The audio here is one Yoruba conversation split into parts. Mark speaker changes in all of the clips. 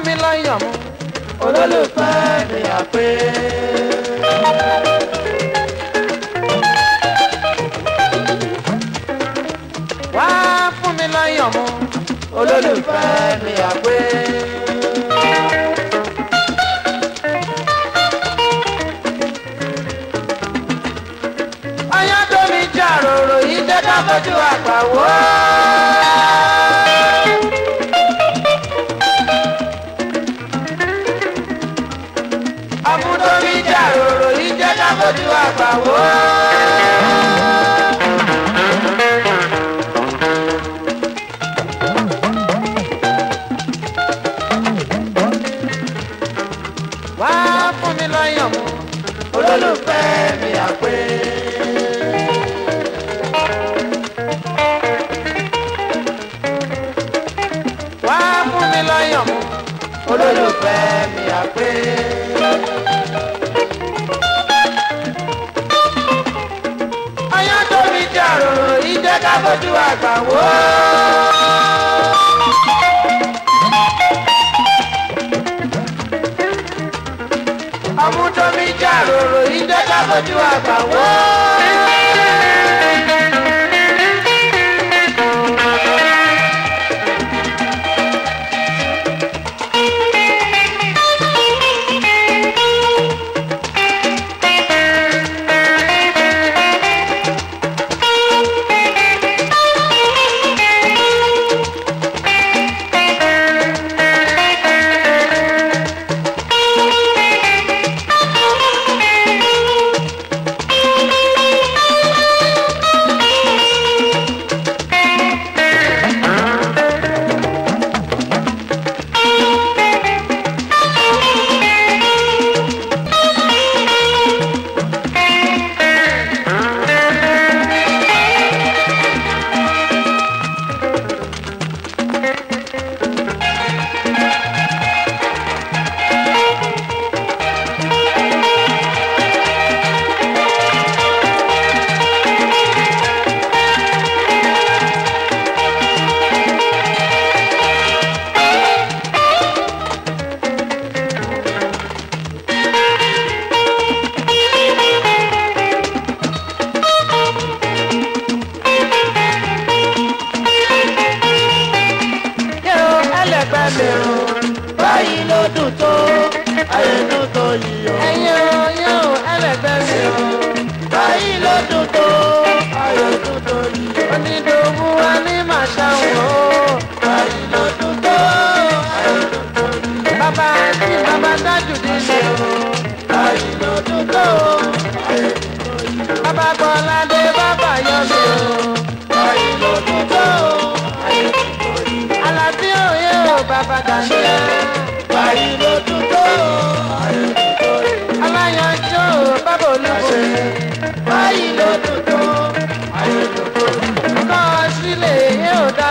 Speaker 1: fún mi láyọ̀ mú. olólùfẹ́ ni àpè. wá fún mi láyọ̀ mú. olólùfẹ́ ni àpè. ayọ́dọ̀ mi jà ròrò yìí jẹ́ ká
Speaker 2: fojú àgbà wò
Speaker 1: yàn mú mi àpè. wá fún mi lọ́yàn mú mi àpè. ọyàn tó mi dàrú ìjẹ́ ká fojú àgbà ojú àgbà wọ́n.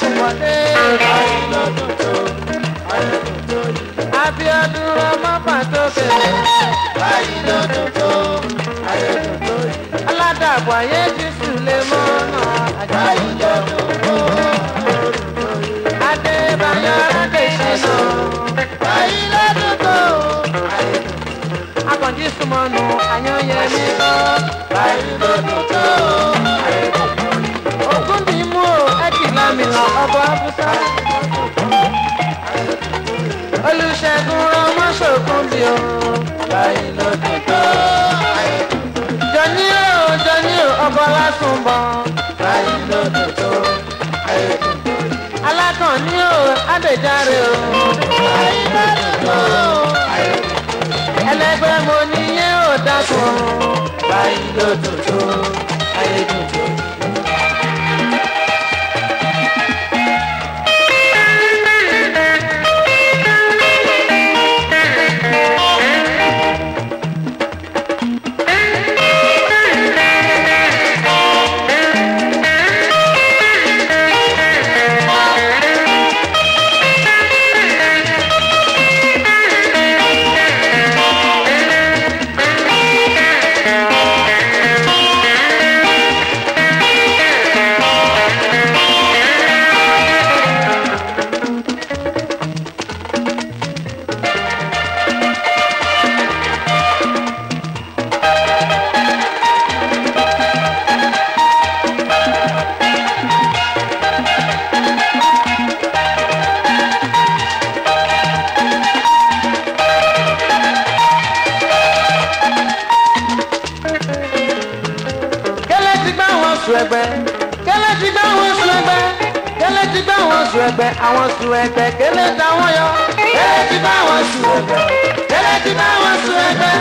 Speaker 1: Àṣùwọ̀dé. Abíọ́dún ọmọ pàtó bẹ̀rẹ̀. Aládàbọ̀ ayé Jésù lè mọ́ ọ̀nà àjọ. Adébáyọ̀ Rákèjì náà. Akànjí súnmọ́nu àyànyẹ mi lọ. Báyìí ló dùn olùṣègùn ọmọṣògùn bí o láì lọ́dún tó. jọ̀ní o jọ̀ní o ọba lásùnbọ̀n láì lọ́dún tó. alákànní ẹlẹgbẹ́ mo níyẹn ò
Speaker 2: dákun láì lọ́dún tó. ayé dùn tó.
Speaker 1: sùn ẹgbẹ́ kẹlẹ́ ti gbá wọn sùn ẹgbẹ́ kẹlẹ́ ti gbá wọn sùn ẹgbẹ́ àwọn sùn ẹgbẹ́ kẹlẹ́ ta wọn yọ kẹlẹ́ ti bá wọn sùn ẹgbẹ́ kẹlẹ́ ti bá wọn sùn ẹgbẹ́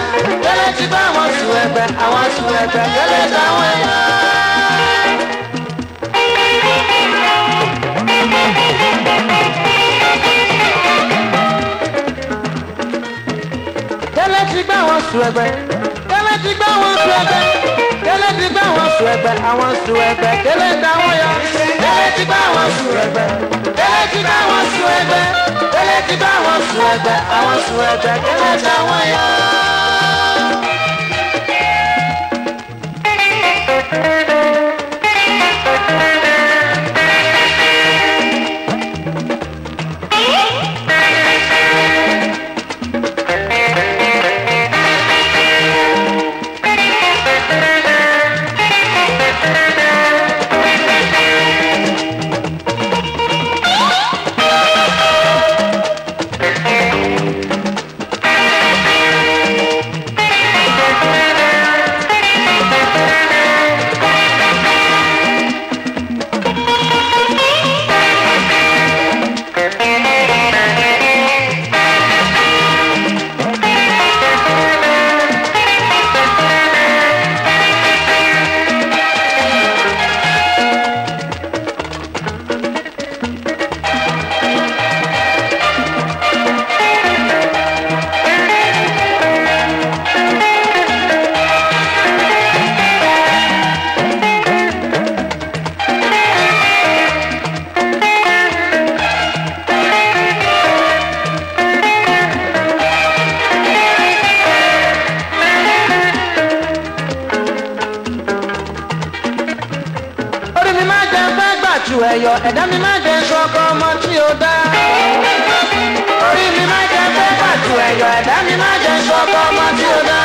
Speaker 1: kẹlẹ́ ti bá wọn sùn ẹgbẹ́ àwọn sùn ẹgbẹ́ kẹlẹ́ ta wọn yọ. kẹlẹ́ ti gbá wọn sùn ẹgbẹ́ kẹlẹ́ ti gbá wọn sùn ẹgbẹ́ ẹgbẹ́ àwọn sùn ẹgbẹ́ délé táwọn yọ délé ti bá àwọn sùn ẹgbẹ́ délé ti bá àwọn sùn ẹgbẹ́ délé ti bá àwọn sùn ẹgbẹ́ àwọn sùn ẹgbẹ́ délé táwọn yọ. yọ ẹ̀dá mi má jẹ́ sọ ọkọ ọmọ tí ó dá. orí mi má jẹ́ pé pàtó ẹ̀yọ̀ ẹ̀dá mi má jẹ́ sọ ọkọ ọmọ tí ó dá.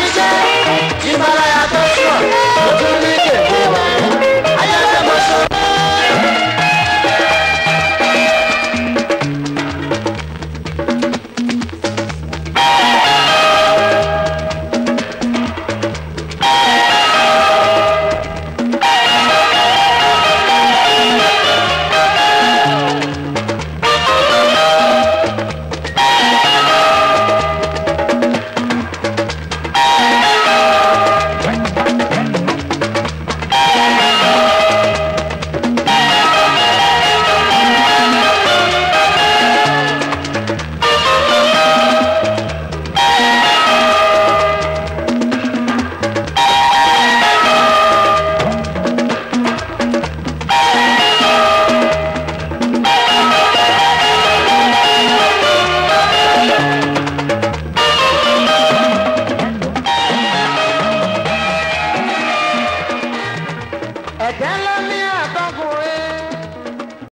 Speaker 1: mi jẹ́ ìbára yàtọ̀ sùn.